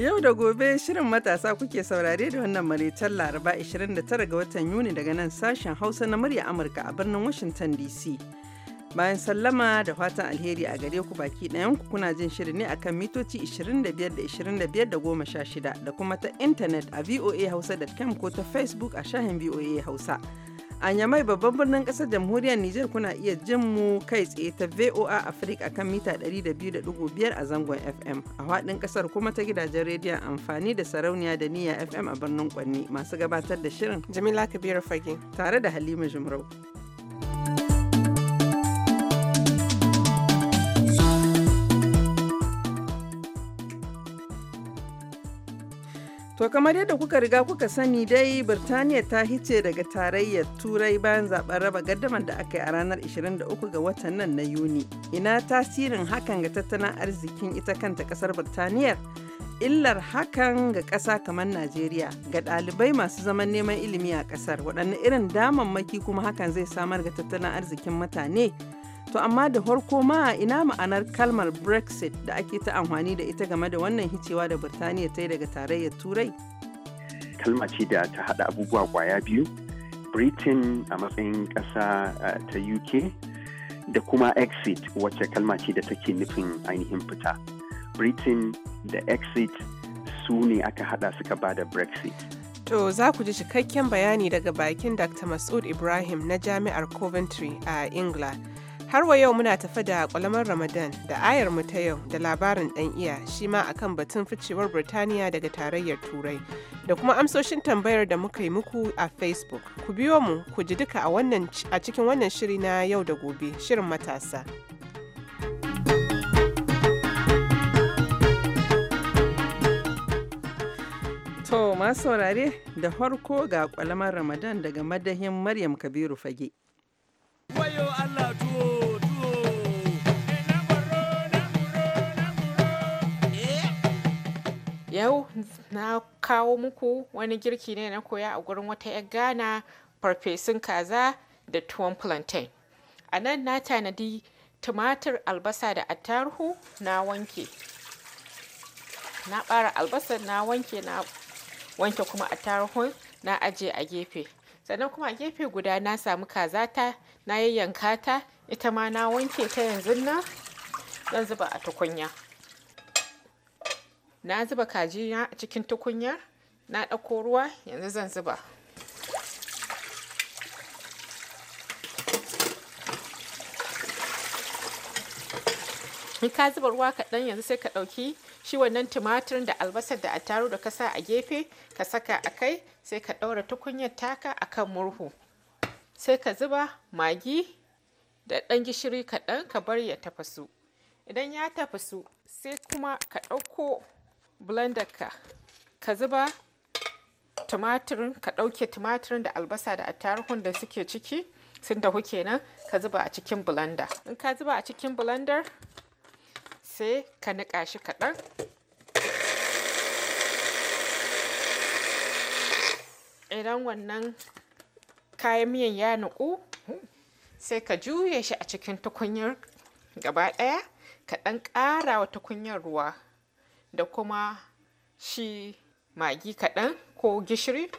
Yau da gobe shirin matasa kuke saurare da wannan maraitar Laraba 29 ga watan Yuni daga nan sashen Hausa na murya Amurka a birnin Washington DC. Bayan sallama da fatan alheri a gare ku baki ɗayanku kuna jin shirin ne akan mitoci 25 da 25 da goma da kuma ta intanet a voa hausa.com ko ta Facebook a shahin VOA Hausa. A Nyamai babban birnin ƙasar jamhuriyar Nijar kuna iya jin mu kai tsaye ta VOA Africa kan mita 200.5 a zangon FM. A haɗin ƙasar kuma ta gidajen rediyon amfani da sarauniya da niyya FM a birnin Kwanni masu gabatar da shirin. Jamila Kabiru Fage. Tare da Halima Jumrau. To kamar yadda kuka riga kuka sani dai Birtaniya ta hice daga tarayyar Turai bayan zaɓen raba gardamar da aka yi a ranar 23 ga watan nan na Yuni. Ina tasirin hakan ga tattalin arzikin ita kanta ƙasar Birtaniyar? Illar hakan ga ƙasa kamar Najeriya ga ɗalibai masu zaman neman ilimi a ƙasar waɗanne irin damammaki kuma hakan zai samar ga tattalin arzikin mutane. To amma da farko ma ina ma'anar kalmar Brexit da ake ta amfani da ita game da wannan hicewa da Birtaniya ta yi daga tarayyar Turai? Kalma ce da ta haɗa abubuwa kwaya biyu, Britain a matsayin ƙasa ta UK da kuma exit wacce kalma ce da take nufin ainihin fita. Britain da exit su ne aka haɗa suka ba da Brexit. To za ku ji cikakken bayani daga bakin Dr. Masud Ibrahim na Jami'ar Coventry a england. Har wa yau muna tafa da kwalamar Ramadan da ayar mu ta yau da labarin dan iya shi ma akan batun ficewar Birtaniya daga tarayyar Turai da kuma amsoshin tambayar da muka yi muku a Facebook. Ku biyo mu ku ji duka a cikin wannan shiri na yau da gobe shirin matasa. To masu saurare da farko ga kwalamar Ramadan daga madahin Maryam Kabiru Fage. Allah Yau na kawo muku wani girki ne na koya a gurin wata 'yar gana farfesun kaza da tuwon plantain. A nan na tanadi tumatir, albasa da attaruhu na wanke. Na bara albasar na wanke, na wanke kuma attaruhun na ajiye a gefe. Sannan kuma a gefe guda na samu kazata na yayyanka ta ita ma na wanke ta yanzu nan zan zuba a tukunya. na zuba kajina a cikin tukunya, na ɗauko ruwa yanzu zan zuba in ka zuba ruwa kaɗan yanzu sai ka ɗauki shi wannan tumatir da albasar da attaru da kasa a gefe ka saka a kai sai ka ɗaura tukunyar taka a kan murhu sai ka zuba magi da ɗan gishiri kaɗan ka bari ya tafasu idan ya tafasu sai kuma ka ɗauko blender ka ka zuba tumatirin ka ɗauke tumatirin da albasa da attarihun da suke ciki sun dahu kenan ka zuba a cikin blender in ka zuba a cikin blender sai ka niƙa shi kaɗan idan wannan kayan miyan ya nuku sai ka juye shi a cikin tukunyar gaba ɗaya ka ɗan ƙara wa tukunyar ruwa da kuma shi magi kaɗan ko gishiri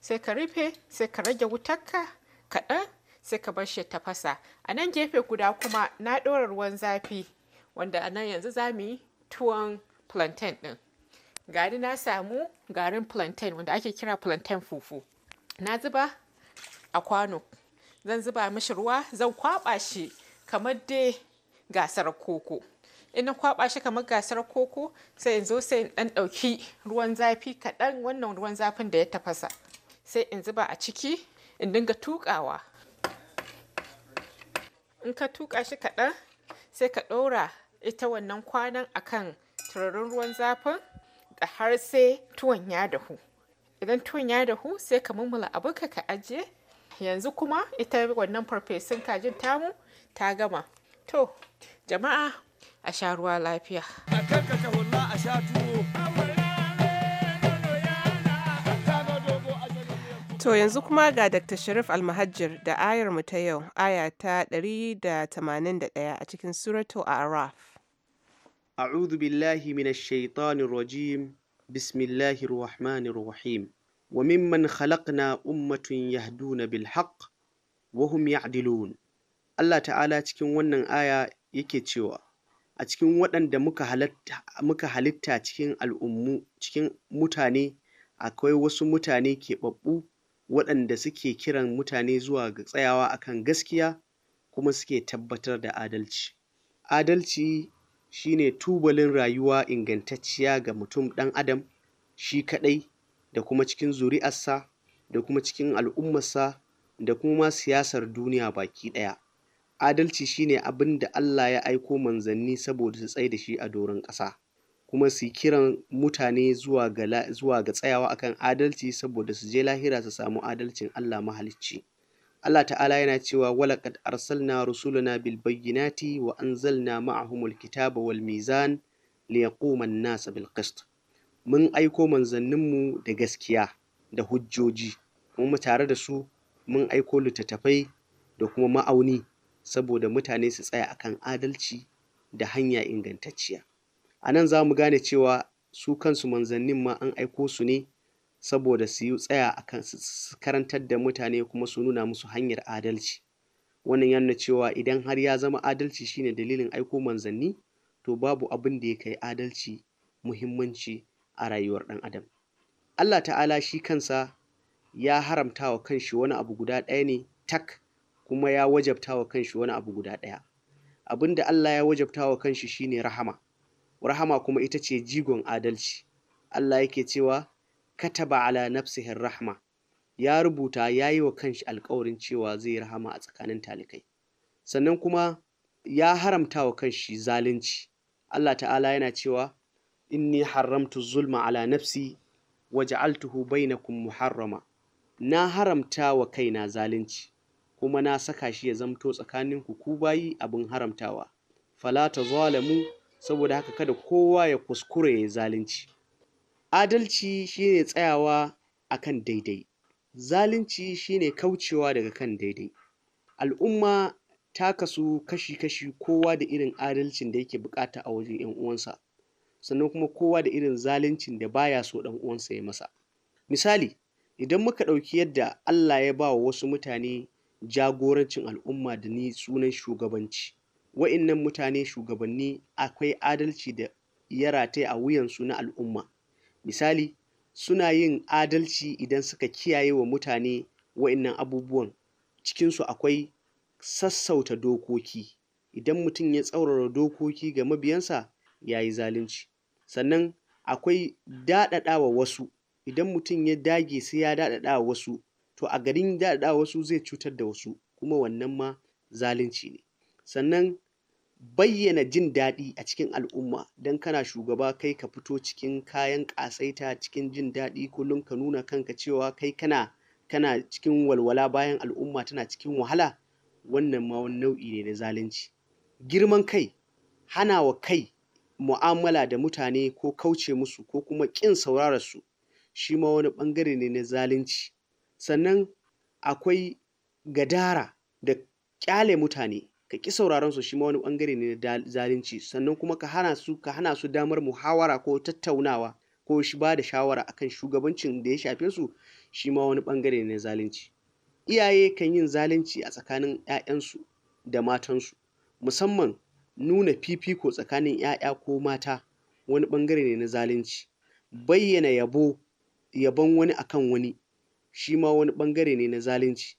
sai ka rufe sai ka rage wutarka kaɗan sai ka bar shi tafasa a nan gefe guda kuma na ɗora ruwan zafi wanda a nan yanzu za mu yi tuwon plantain ɗin gari na samu garin plantain wanda ake kira plantain fufu na zuba a kwano zan zuba mishi ruwa zan kwaɓa shi kamar dai gasar koko in na kwaba shi kamar gasar koko sai in zo sai in dan dauki ruwan zafi kaɗan wannan ruwan zafin da ya tafasa sai in zuba a ciki in dinga tukawa in ka tuka shi kaɗan sai ka ɗora ita wannan kwanan akan turarin ruwan zafin da har sai tuwon ya dahu idan tuwon ya dahu sai ka mummula abu ka ka ajiye yanzu kuma ita wannan farfesun kajin tamu ta gama to jama'a a sha ruwa lafiya. A a sha tuwo. To yanzu kuma ga Dr. Sharif Almahajir da ayar mu ta yau, aya ta 181 a cikin Suratu Araf. A'udhu billahi minash shaitanir rajim. Bismillahir rahmanir rahim. Wa mimman khalaqna ummatun yahduna bil haqq wa hum ya'dilun. Allah ta'ala cikin wannan aya yake cewa a cikin waɗanda muka halitta cikin al'ummu cikin mutane akwai wasu mutane keɓaɓɓu waɗanda suke kiran mutane zuwa ga tsayawa akan gaskiya kuma suke tabbatar da adalci adalci shine tubalin rayuwa ingantacciya ga mutum ɗan adam shi kaɗai da kuma cikin zuri'arsa da kuma cikin al'ummarsa da kuma siyasar duniya baki ɗaya Adalci shi ne abin da Allah ya aiko manzanni saboda su tsai da shi a doron ƙasa, kuma su kiran mutane zuwa ga tsayawa akan adalci saboda su je lahira su samu adalcin Allah Mahalicci. Allah ta'ala yana cewa walaƙad arsalna rusulana bil bayyinati wa anzalna ma'ahumul kitaba wal mizan liyaquma an-nas bil qist. Mun aiko manzanninmu da gaskiya da hujjoji, kuma tare da su mun aiko littattafai da kuma ma'auni saboda mutane su tsaya akan adalci da hanya ingantacciya a nan za mu gane cewa su kansu manzannin ma an aiko su ne saboda su yi tsaya akan su karantar da mutane kuma su nuna musu hanyar adalci wannan yana cewa idan har ya zama adalci shine dalilin aiko manzanni to babu abin da ya kai adalci muhimmanci a rayuwar ɗan adam Allah ta'ala shi kansa ya haramta wa kanshi wani abu guda ɗaya ne tak kuma ya wajabta wa kanshi wani abu guda ɗaya abin da Allah ya wajabta wa kanshi shine rahama rahama kuma ita ce jigon adalci Allah yake cewa kataba ala nafsihi rahma ya rubuta ya yi wa kanshi alkawarin cewa zai rahama a tsakanin talikai sannan kuma ya haramta wa kanshi zalunci Allah ta'ala yana cewa inni haramtu zulma ala nafsi na bainakum muharrama na haramta wa kaina zalunci kuma na saka shi ya zamto tsakanin ku ku bayi abin haramtawa fala ta zalamu saboda haka kada kowa ya kuskure ya zalunci adalci shine tsayawa akan daidai zalunci shine kaucewa daga kan daidai al'umma ta kasu kashi-kashi kowa da irin adalcin da yake bukata a wajen 'yan uwansa sannan kuma kowa da irin zaluncin da baya so ɗan uwansa ya masa misali idan muka ɗauki yadda Allah ya ba wa wasu mutane jagorancin al'umma da ni sunan shugabanci wa'innan mutane shugabanni akwai adalci da ya rataya a wuyansu na al'umma misali suna yin adalci idan suka kiyaye wa mutane wa'innan abubuwan cikinsu akwai sassauta dokoki idan mutum ya tsaurara dokoki ga mabiyansa ya yi zalunci sannan akwai daɗaɗa wa wasu idan mutum ya dage sai ya daɗaɗa wa wasu to a garin da wasu zai cutar da wasu kuma wannan ma zalunci ne sannan bayyana jin daɗi a cikin al'umma don kana shugaba kai ka fito cikin kayan ƙasaita cikin jin daɗi kullum ka nuna kanka cewa kai kana kana cikin walwala bayan al'umma tana cikin wahala wannan ma wani nau'i ne na zalunci girman kai hana wa kai mu'amala da mutane ko kauce musu ko kuma ƙin saurararsu shi ma wani ɓangare ne na zalunci sannan akwai gadara da ƙyale mutane ka ƙi sauraron su shi ma wani ɓangare ne na zalunci sannan kuma ka hana su ka hana su damar muhawara ko tattaunawa ko shi ba da shawara akan shugabancin da ya shafe su shi ma wani ɓangare ne na zalunci iyaye kan yin zalunci a tsakanin 'ya'yansu da matansu musamman nuna fifiko tsakanin 'ya'ya ko mata wani ɓangare ne na zalunci bayyana yabo yabon wani akan wani shi ma wani ɓangare ne na zalunci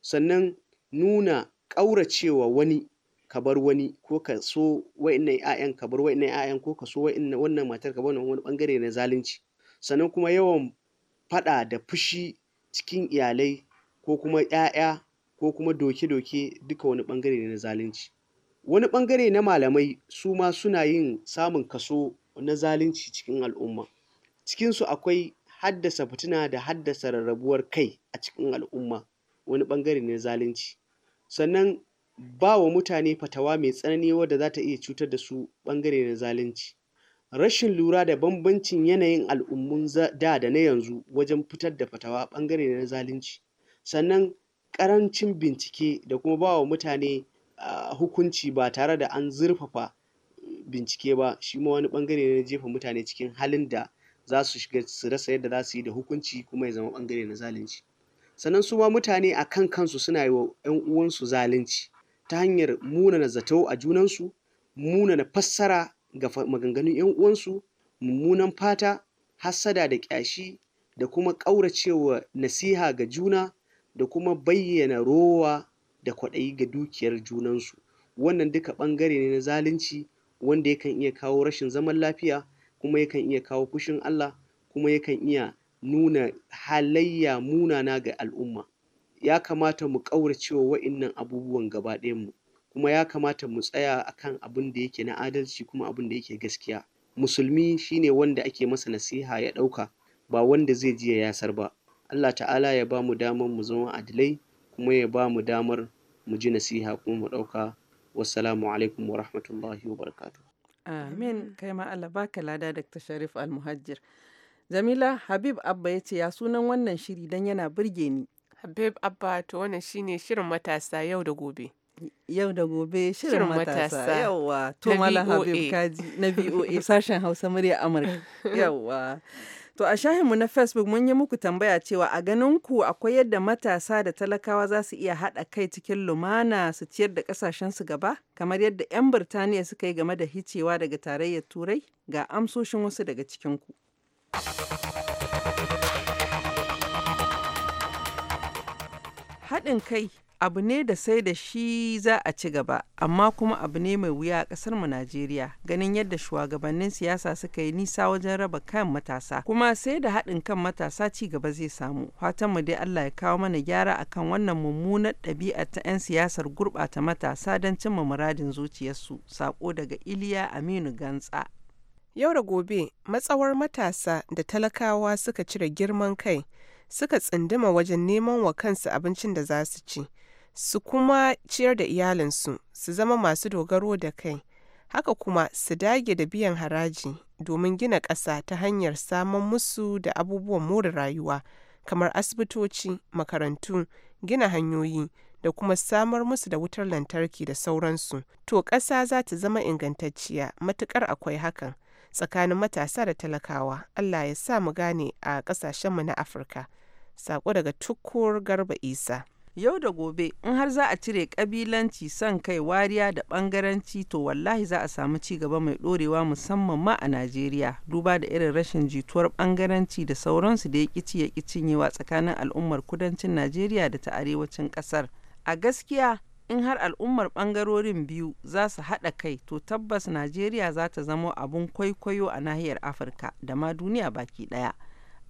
sannan nuna ƙauracewa wani ka bar wani ko ka so wa'innan 'ya'yan ka bar wa'innan 'ya'yan ko ka so wannan matar ka bar wani ɓangare na zalunci sannan kuma yawan faɗa da fushi cikin iyalai ko kuma 'ya'ya ko kuma doke-doke duka wani ɓangare ne na zalunci wani ɓangare na malamai su ma suna yin samun kaso na zalunci cikin al'umma cikinsu akwai haddasa fitina da haddasa rarrabuwar kai a cikin al'umma wani bangare ne zalunci sannan ba wa mutane fatawa mai tsanani wadda za ta iya cutar da su bangare na zalunci rashin lura da bambancin yanayin al'ummun da da na yanzu wajen fitar da fatawa bangare na zalunci sannan karancin bincike da kuma ba wa mutane hukunci ba tare da an zurfafa mm, bincike ba shi ma wani bangare ne na jefa mutane cikin halin da za su shiga su rasa yadda za su yi da hukunci kuma ya zama bangare na zalunci sannan su ma mutane a kan kansu suna yi wa 'yan uwansu zalunci ta hanyar muna na zato a junansu muna na fassara ga maganganun 'yan uwansu mummunan fata hassada da ƙyashi da kuma ƙauracewa nasiha ga juna da kuma bayyana rowa da kwaɗayi ga dukiyar junansu wannan duka ɓangare ne na zalunci wanda yakan iya kawo rashin zaman lafiya kuma yakan iya kawo fushin Allah kuma yakan iya nuna halayya munana ga al'umma ya kamata mu ƙauracewa wa'innan abubuwan gaba mu kuma ya kamata mu tsaya akan abin da yake na adalci kuma abin da yake gaskiya musulmi shine wanda ake masa nasiha ya ɗauka ba wanda zai ji ya yasar ba Allah ta'ala ya ba mu damar mu zama adilai kuma ya ba mu damar mu ji nasiha kuma mu ɗauka wassalamu alaikum wa rahmatullahi wa barakatuh Amin, kai ma Allah baka lada Dr. Sharif Almuhajir. Jamila Habib Abba ya ce ya sunan wannan shiri don yana burge ni. Habib Abba to wannan shine shirin matasa yau da gobe. Yau da gobe shirin matasa yauwa to Mala Habib Kaji na BOA sashen Hausa murya Amurka yauwa. To a shahinmu na Facebook mun yi muku tambaya cewa a ganin ku akwai yadda matasa da talakawa za su iya haɗa kai cikin lumana su ciyar da ƙasashen su gaba kamar yadda 'yan Birtaniya suka yi game da hicewa daga tarayyar Turai ga amsoshin wasu daga cikin ku. Haɗin kai abu ne da sai da shi za a ci gaba amma kuma abu ne mai wuya a kasar mu Najeriya ganin yadda shugabannin siyasa suka yi nisa wajen raba kan matasa kuma sai da haɗin kan matasa ci gaba zai samu fatan mu dai Allah ya kawo mana gyara akan wannan mummunar ɗabi'a ta 'yan siyasar gurɓata matasa don cimma muradin zuciyarsu sako daga Iliya Aminu Gantsa Yau da gobe matsawar matasa da talakawa suka cire girman kai suka tsinduma wajen neman wa kansu abincin da za su ci su kuma ciyar da iyalinsu su zama masu dogaro da kai haka kuma su dage da biyan haraji domin gina ƙasa ta hanyar saman musu da abubuwan more rayuwa kamar asibitoci makarantu gina hanyoyi da kuma samar musu da wutar lantarki da sauransu to ƙasa za ta zama ingantacciya matuƙar akwai hakan tsakanin matasa da talakawa allah ya sa mu gane a ƙasashenmu na afirka sako daga tukur garba isa Yau da gobe in har za a cire kabilanci son kai wariya da bangaranci to wallahi za a samu ci gaba mai dorewa musamman ma a Najeriya duba da irin rashin jituwar bangaranci da sauransu da ya kici ya cinyewa tsakanin al'ummar kudancin Najeriya da ta arewacin kasar. A gaskiya in har al'ummar bangarorin biyu za su haɗa kai to tabbas Najeriya za ta zama abun kwaikwayo a nahiyar Afirka da ma duniya baki ɗaya.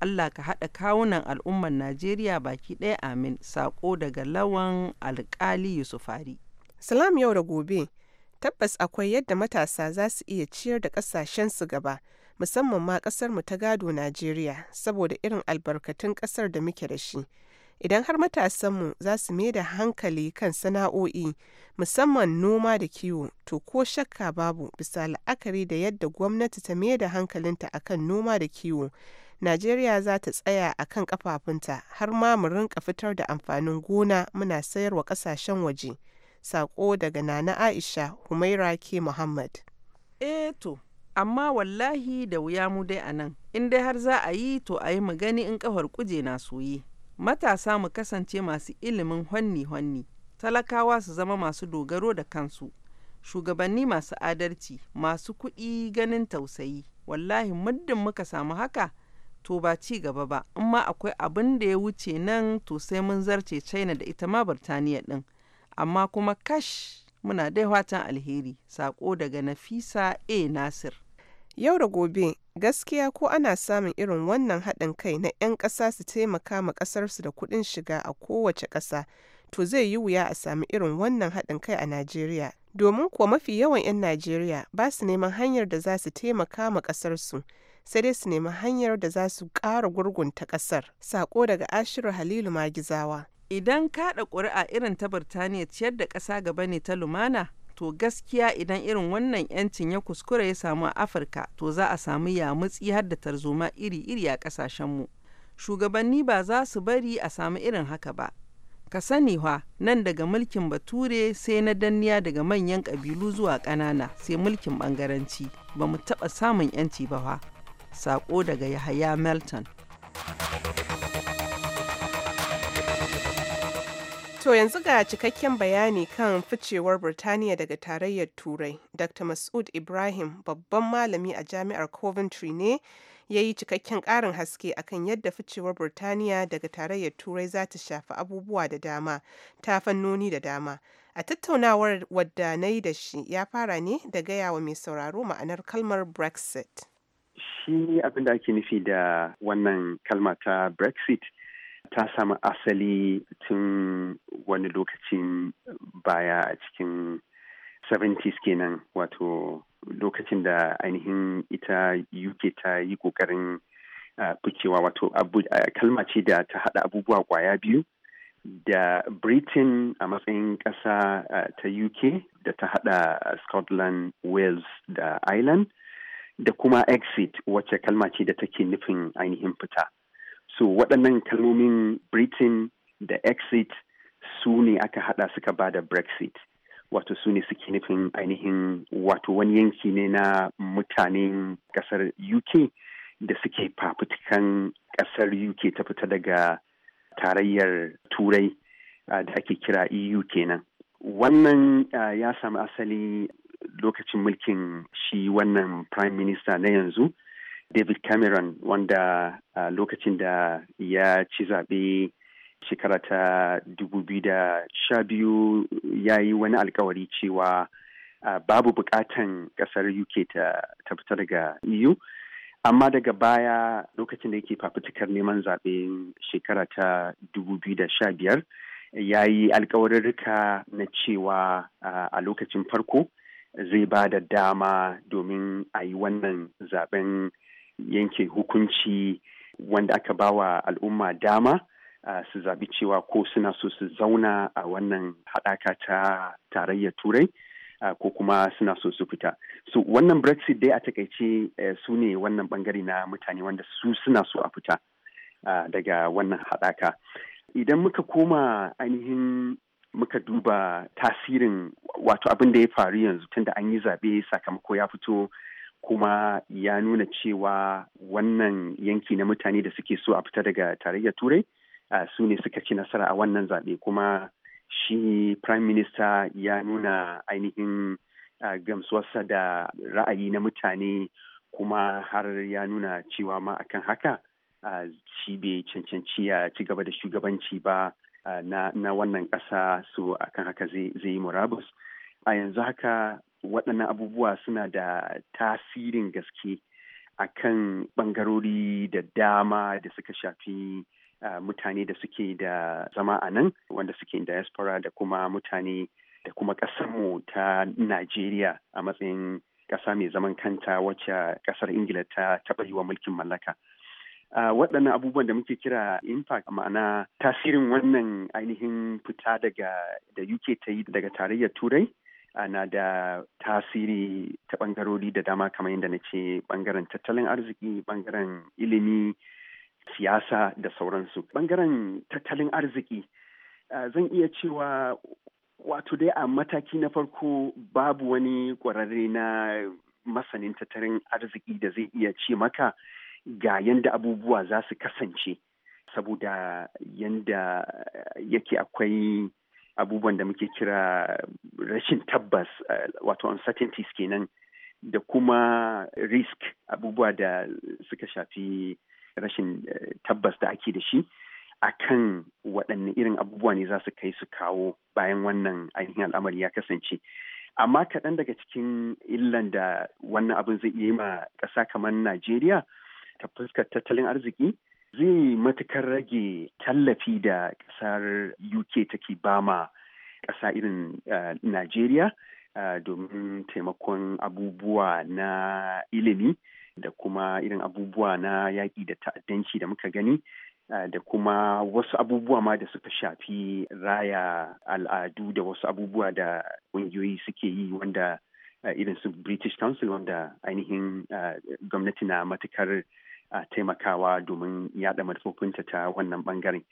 Allah ka haɗa kawunan al'ummar Najeriya baki ɗaya amin sako daga lawan alƙali Yusufari. Salam yau da gobe, tabbas akwai yadda matasa za su iya ciyar da ƙasashensu gaba, musamman ma ƙasar mu ta gado Najeriya, saboda irin albarkatun ƙasar da muke da shi. Idan har matasanmu za su mai da hankali kan sana'o'i, musamman noma da kiwo, to ko shakka babu bisa la'akari da yadda gwamnati ta mai da hankalinta akan noma da kiwo. Najeriya za ta tsaya a kan kafafunta har ma mu rinka fitar da amfanin gona muna sayar wa ƙasashen waje. saƙo daga Nana Aisha Humaira ke Muhammad. Eh to, amma wallahi da wuya mu dai a nan, in dai har za a yi to a yi gani in kafar kuje na soye. Matasa mu kasance masu ilimin honni-honni, talakawa su zama masu dogaro da kansu, shugabanni masu adalci, masu kuɗi ganin tausayi, wallahi muddin muka samu haka. to ba ci gaba ba amma akwai abin da ya wuce nan to sai mun zarce china da ita ma birtaniya din amma kuma kash muna dai watan alheri sako daga nafisa a nasir yau da gobe gaskiya ko ana samun irin wannan haɗin kai na 'yan ƙasa su taimaka ma ƙasarsu da kuɗin shiga a kowace ƙasa to zai yi wuya a sami irin wannan haɗin kai a najeriya domin kuwa mafi yawan 'yan najeriya ba su neman hanyar da za su taimaka ma ƙasarsu sai dai su nemi hanyar da za su ƙara gurgunta ƙasar. Saƙo daga Ashiru Halilu Magizawa. Idan kaɗa ƙuri'a irin ta Birtaniya ciyar da ƙasa gaba ne ta lumana, to gaskiya idan irin wannan yancin ya kuskura ya samu a Afirka, to za a samu yamutsi har da tarzoma iri-iri a ƙasashenmu. Shugabanni ba za su bari a samu irin haka ba. Ka sani wa nan daga mulkin bature sai na danniya daga manyan ƙabilu zuwa ƙanana sai mulkin ɓangaranci ba mu taɓa samun 'yanci ba wa. Sako daga Yahaya Melton. To yanzu ga cikakken bayani kan ficewar Birtaniya daga tarayyar Turai. Dr. Masud Ibrahim babban malami a jami'ar Coventry ne ya yi cikakken ƙarin haske akan yadda ficewar Birtaniya daga tarayyar Turai za ta shafi abubuwa da dama ta fannoni da dama. A tattaunawar wadda na yi da shi ya fara ne da gaya wa mai sauraro ma'anar kalmar Brexit. shi abin da ake nufi da wannan kalma ta brexit ta samu asali tun wani lokacin baya a cikin 70s kenan wato lokacin da ainihin ita uk ta yi kokarin ficewa wato kalma ce da ta hada abubuwa kwaya biyu da britain a matsayin ƙasa ta uk da ta hada scotland wales da ireland da kuma exit wacce kalma ce da take nufin ainihin fita so waɗannan kalmomin britain da exit su ne aka haɗa suka ba da brexit wato su ne suke nufin ainihin wato wani yanki ne na mutanen ƙasar uk da suke fafutukan ƙasar uk ta fita daga tarayyar turai da ake kira eu kenan wannan ya sami asali lokacin mulkin shi wannan prime minister na yanzu david cameron wanda uh, lokacin da ya ci zaɓe shekara ta 2012 ya yi wani alkawari cewa uh, babu bukatan ƙasar uk ta, fita daga eu amma daga baya lokacin da yake fafutukar neman zaɓe shekara ta 2015 ya yi alkawarin na cewa a lokacin farko zai ba da dama domin a yi wannan zaben yanke hukunci wanda aka ba wa al'umma dama uh, su zaɓi cewa ko suna so su zauna a wannan haɗaka ta tarayyar turai uh, ko kuma suna so su fita so wannan brexit dai a takaice uh, su ne wannan bangare na mutane wanda su suna so a fita daga wannan haɗaka idan muka koma ainihin muka duba tasirin wato abin da ya faru yanzu tunda an yi zaɓe sakamako ya fito kuma ya nuna cewa wannan yanki na mutane da suke so a fita daga tarayyar turai su ne suka ci nasara a wannan zaɓe kuma shi prime minister ya nuna ainihin gamsuwarsa da ra'ayi na mutane kuma har ya nuna cewa ma akan haka shi bai cancanci ya ci gaba da shugabanci ba na wannan ƙasa su a kan haka zai yi murabus a yanzu haka waɗannan abubuwa suna da tasirin gaske a kan ɓangarori da dama da suka shafi Uh, mutane da suke da zama a nan wanda suke diaspora da kuma mutane da kuma ƙasarmu ta Najeriya a matsayin ƙasa mai zaman kanta wacce ƙasar Ingila ta taɓa yi wa mulkin mallaka. waɗannan abubuwan da muke kira impact ma'ana tasirin wannan ainihin fita daga da UK ta yi daga tarayyar turai ana da tasiri ta ɓangarori da dama kamar yadda na ce ɓangaren tattalin arziki ɓangaren ilimi siyasa da sauransu ɓangaren tattalin arziki zan iya cewa wato dai a mataki na farko babu wani ƙwararre na masanin tattalin arziki da zai iya ce maka ga yanda abubuwa za su kasance saboda yanda yake akwai abubuwan da muke kira rashin tabbas eh, wato uncertainties kenan da kuma risk abubuwa da suka shafi rashin eh, tabbas da ake da shi akan waɗanne irin abubuwa ne za su kai su kawo bayan wannan ainihin al'amari ya kasance amma kaɗan daga cikin illan da wannan abin zai iya ma ƙasa kamar najeriya ta fuskar tattalin arziki zai matukar rage tallafi da ƙasar uk take bama ƙasa irin eh, najeriya eh, domin taimakon abubuwa na ilimi da kuma irin abubuwa na yaƙi da ta'addanci da muka gani eh, da kuma wasu abubuwa ma da suka shafi raya al'adu da wasu abubuwa da ƙungiyoyi suke yi wanda irin su british council wanda ainihin gwamnati na matukar a taimakawa domin yaɗa manufofinta ta wannan bangaren.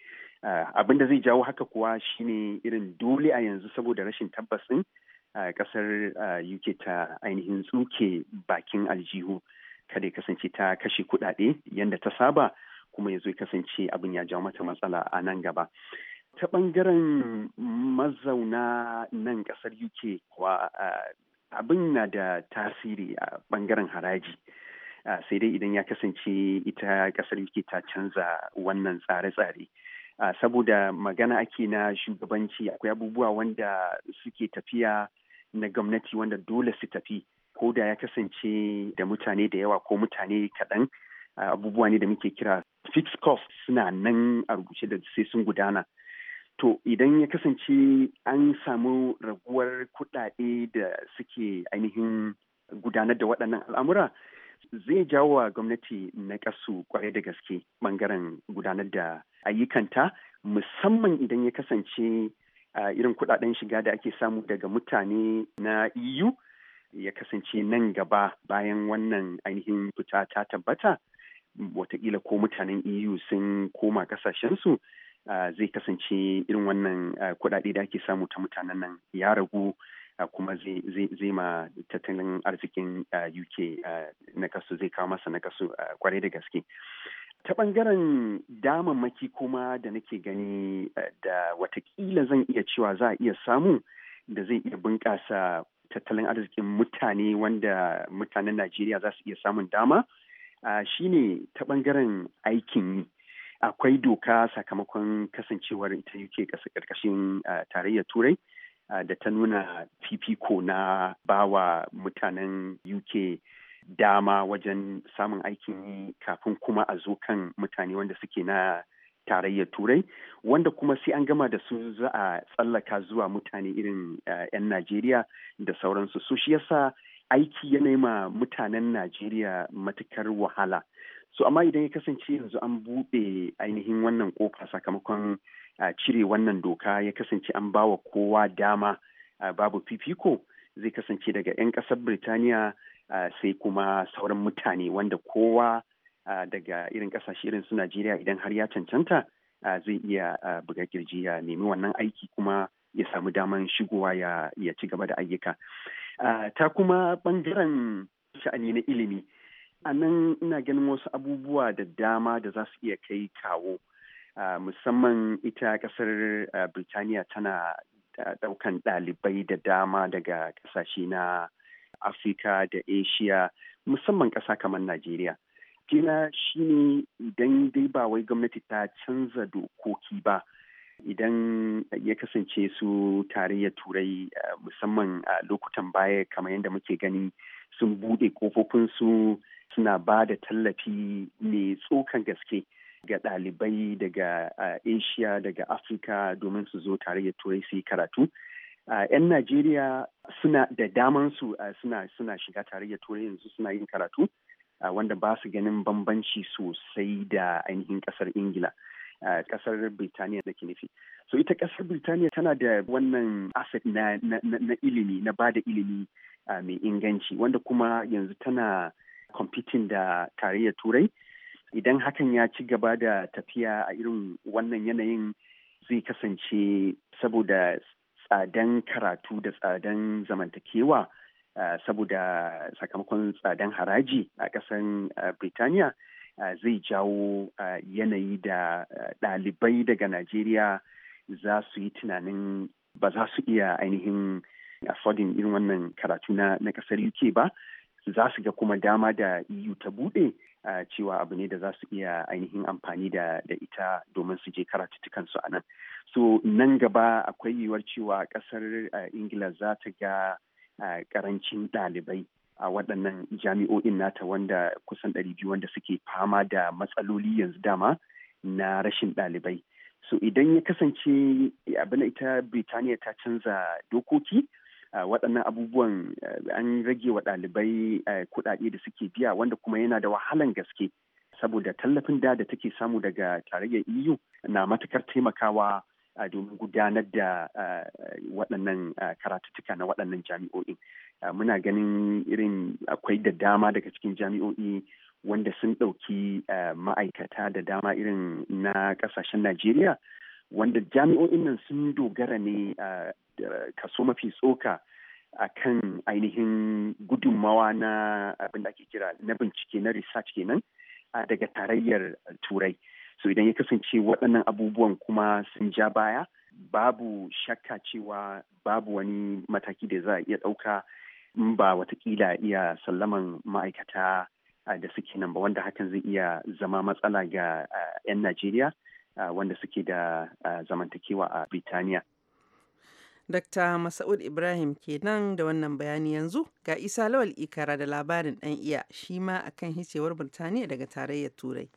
Abin da zai jawo haka kuwa shine irin dole a yanzu saboda rashin tabbas ɗin ƙasar UK ta ainihin tsuke bakin aljihu kada ya kasance ta kashe kudade yadda ta saba kuma yanzu kasance abin ya jawo mata matsala a nan gaba. ta bangaren mazauna nan ƙasar uk kuwa abin na da tasiri a ɓangaren haraji sai dai idan ya kasance ita kasar yake ta canza wannan tsare-tsare saboda magana ake na shugabanci akwai abubuwa wanda suke tafiya na gwamnati wanda dole su tafi ko da ya kasance da mutane da yawa ko mutane kaɗan abubuwa ne da muke kira fixed cost suna nan a rubuce da sai sun gudana to idan ya kasance an samu raguwar kuɗaɗe da suke ainihin gudanar da waɗannan al'amura zai jawo wa gwamnati na ƙasu kwarai da gaske ɓangaren gudanar da ayyukanta musamman idan ya kasance irin kuɗaɗen shiga da ake samu daga mutane na EU ya kasance nan gaba bayan wannan ainihin fita ta tabbata watakila ko mutanen EU sun koma kasashensu zai kasance irin wannan kuɗaɗe da ake samu ta mutanen nan ya ragu kuma zai ma tattalin arzikin uk na kasu zai kawo masa na kasu kwarai da gaske ta ɓangaren damammaki kuma da nake gani da watakila zan iya cewa za a iya samu da zai iya bunƙasa tattalin arzikin mutane wanda mutanen najeriya za su iya samun dama shine ta bangaren aikin yi akwai doka sakamakon kasancewar ita uk ƙarƙashin tarayyar turai da ta nuna fifiko na bawa mutanen UK dama wajen samun aikin yi kafin kuma a zo kan mutane wanda suke na tarayyar turai wanda kuma sai an gama da su za a tsallaka zuwa mutane irin 'yan najeriya da sauransu su shi yasa aiki ya nema mutanen najeriya matukar wahala so amma idan ya kasance yanzu an buɗe ainihin wannan kofa sakamakon a cire wannan doka ya kasance an bawa kowa dama babu fifiko zai kasance daga 'yan ƙasar Birtaniya sai kuma sauran mutane wanda kowa daga irin ƙasashe irin su Najeriya idan har ya cancanta zai iya buga kirji ya nemi wannan aiki kuma ya samu daman shigowa ya ci gaba da ayyuka. Ta kuma ɓangaren sha'ani na ilimi. A nan ina ganin wasu abubuwa da dama da za su iya kai kawo. musamman ita kasar Birtaniya tana ɗaukan ɗalibai da dama daga ƙasashe na Afirka da Asia musamman ƙasa kamar Najeriya. Gina shi ne idan dai ba wai gwamnati ta canza dokoki ba idan ya kasance su tarayyar turai musamman a lokutan baya kamar yadda muke gani sun buɗe ƙofofinsu suna ba da tallafi mai tsokan gaske ga ɗalibai daga asia daga afirka domin su zo da turai su yi karatu yan najeriya suna da daman su suna suna shiga tarayyar turai yanzu suna yin karatu wanda ba su ganin bambanci sosai da ainihin ƙasar ingila kasar Birtaniya da nufi. So ita ƙasar Birtaniya tana da wannan asset na, na, na, ilimi, na bada ilimi mai inganci, wanda kuma yanzu tana competing da tarayyar Turai idan hakan ya ci gaba da tafiya a irin wannan yanayin zai kasance saboda tsadan karatu da tsadan zamantakewa saboda sakamakon tsadan haraji a ƙasan Birtaniya zai jawo yanayi da ɗalibai daga Najeriya za su yi tunanin ba za su iya ainihin affordin irin wannan karatu na ƙasar UK ba za su ga kuma dama da EU ta buɗe cewa abu ne da za su iya ainihin amfani da ita domin su je karatuttukansu a nan so nan gaba akwai yiwuwar cewa kasar ingila za ta ga karancin ɗalibai a waɗannan jami'o'in nata wanda kusan ɗari biyu wanda suke fama da matsaloli yanzu dama na rashin ɗalibai so idan ya kasance abin ita birtaniya ta canza dokoki waɗannan abubuwan eh, an rage wa ɗalibai eh, kuɗaɗe da suke biya wanda kuma yana da wahalan gaske saboda tallafin da da take samu daga tarayyar EU na matukar taimakawa domin gudanar da waɗannan karatuttuka na waɗannan jami'o'i muna ganin irin akwai da dama daga cikin jami'o'i wanda sun ɗauki ma'aikata da dama irin na ƙasashen najeriya wanda jami'o'in nan sun dogara ne kaso mafi tsoka a kan ainihin gudunmawa na abin da ake kira na bincike na research kenan daga tarayyar turai so idan ya kasance waɗannan abubuwan kuma sun ja baya babu shakka cewa babu wani mataki da za a iya ɗauka in ba watakila iya sallaman ma'aikata da suke nan ba wanda hakan zai iya zama matsala ga 'yan najeriya wanda suke da zamantakewa a Birtaniya. Dr. Masaud Ibrahim kenan da wannan bayani yanzu ga Isa Lawal Ikara da labarin ɗan iya shi ma akan hicewar Birtaniya daga tarayyar Turai.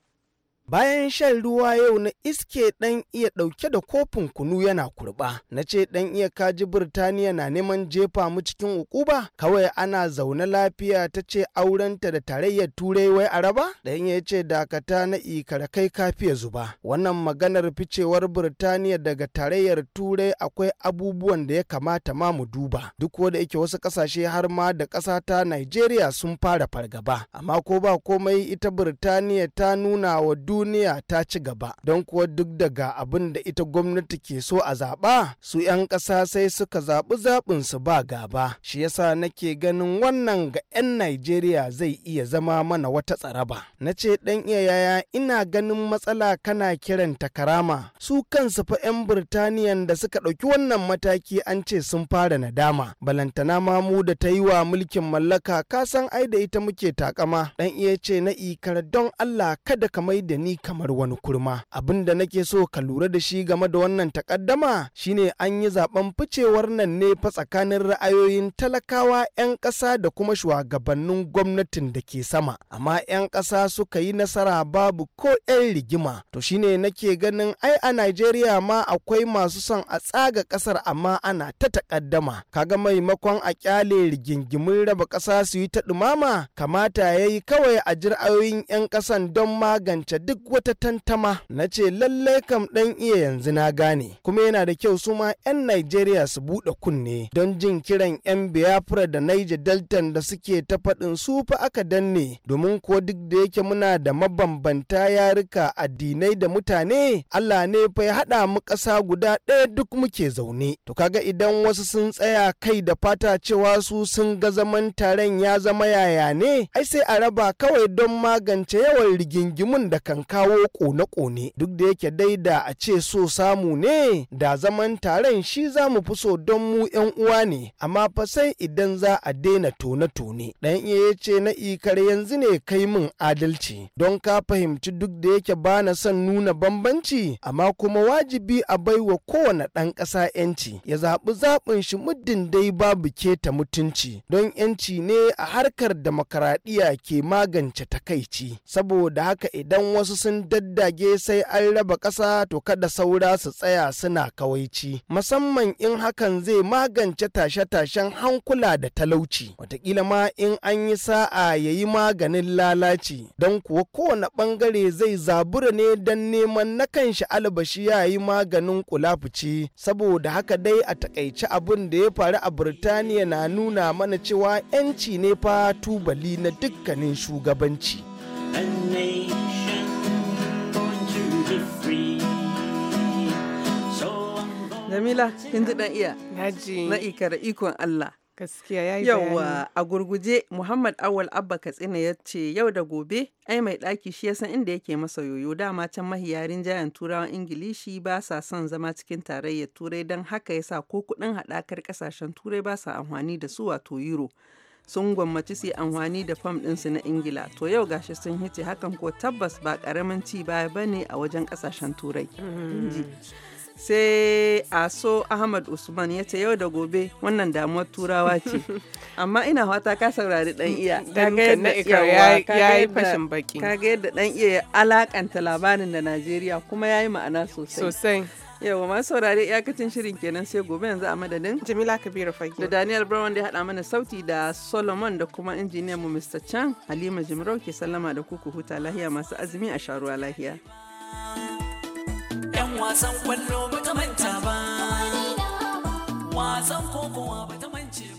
Bayan shan ruwa yau na iske ɗan iya ɗauke da kofin kunu yana kurɓa. Na ce ɗan iya kaji Birtaniya na neman jefa mu cikin ukuba? Kawai ana zaune lafiya ta ce aurenta da tarayyar turai wai araba? Dan ya ce dakata na ikara kai kafiya zuba. Wannan maganar ficewar Birtaniya daga tarayyar turai akwai abubuwan da ya kamata ma mu duba. Duk wanda yake wasu kasashe har ma da ƙasa ta Najeriya sun fara fargaba. Amma ko ba komai ita Birtaniya ta nuna wa duk. duniya ta ci gaba don kuwa duk daga abin da ita gwamnati ke so a zaɓa su 'yan ƙasa sai suka zaɓi zaɓin su ba gaba shi yasa nake ganin wannan ga 'yan Najeriya zai iya zama mana wata tsaraba na ce ɗan iya yaya ina ganin matsala kana kiran ta karama su kansu fa 'yan Birtaniyan da suka ɗauki wannan mataki an ce sun fara nadama balantana ma mu da ta yi wa mulkin mallaka kasan ai da ita muke takama ɗan iya ce na ikar don Allah kada ka mai da ni ni kamar wani kurma abin da nake so ka lura da shi game da wannan takaddama shine an yi zaben ficewar nan ne fa tsakanin ra'ayoyin talakawa 'yan ƙasa da kuma shugabannin gwamnatin da ke sama amma 'yan ƙasa suka yi nasara babu ko 'yan rigima to shine nake ganin ai a Najeriya ma akwai masu son a tsaga ƙasar amma ana ta takaddama kaga maimakon a kyale rigingimin raba ƙasa su yi ta dumama kamata yayi kawai a jirayoyin 'yan ƙasan don magance duk duk wata tantama na ce lallai kam ɗan iya yanzu na gane kuma yana da kyau su ma 'yan Najeriya su buɗe kunne don jin kiran 'yan Biafra da Niger Delta da suke ta faɗin su fa aka danne domin ko duk da yake muna da mabambanta yaruka addinai da mutane Allah ne fa ya haɗa mu kasa guda ɗaya duk muke zaune to kaga idan wasu sun tsaya kai da fata cewa su sun ga zaman taron ya zama yaya ne ai sai a raba kawai don magance yawan rigingimun da kan kan kawo kone-kone duk da yake dai da a ce so samu ne da zaman taron shi za mu fi so don mu yan uwa ne amma fa sai idan za a daina tone-tone dan iya ya ce na ikar yanzu ne kai min adalci don ka fahimci duk da yake ba na son nuna bambanci amma kuma wajibi a baiwa kowane ɗan ƙasa 'yanci ya zaɓi zaɓin shi muddin dai babu keta mutunci don 'yanci ne a harkar demokaradiyya ke magance takaici saboda haka idan wasu wasu sun daddage sai an raba ƙasa to kada saura su tsaya suna kawaici musamman in hakan zai magance tashe-tashen hankula da talauci watakila ma in an yi sa'a ya yi maganin lalaci don kuwa kowane ɓangare zai zabura ne don neman na kanshi albashi ya yi maganin kulafuci saboda haka dai a takaici abin da ya faru a Birtaniya na nuna mana cewa 'yanci ne fa tubali na dukkanin shugabanci. Jamila, kin ji dan iya. Naji. Na ikara ikon Allah. gaskiya yayi yawa a gurguje muhammad awal abba katsina ya ce yau da gobe ai mai daki shi yasan inda yake masa yoyo dama can mahiyarin jayan turawan ingilishi ba sa son zama cikin tarayyar turai dan haka yasa ko kuɗin haɗakar ƙasashen turai ba sa amfani da su wato euro sun gwammaci su amfani da fam ɗinsu na ingila to yau gashi sun hice hakan ko tabbas ba ƙaramin ci baya bane a wajen ƙasashen turai mm. sai aso ahmad usman ya ce yau da gobe wannan damuwar turawa ce amma ina fata ka saurari dan iya kaga yadda ya yi fashin baki kaga yadda dan iya ya alakanta labarin da najeriya kuma ya yi ma'ana sosai sosai yawa masu saurari iyakacin shirin kenan sai gobe yanzu a madadin jamila kabiru fage da daniel brown da ya haɗa mana sauti da solomon da kuma injiniyan mu mr chan halima jimrau ke sallama da kuku huta lahiya masu azumi a sharuwa lahiya wasan kwallo ba ta manta ba wasan kokowa ba ta mance ba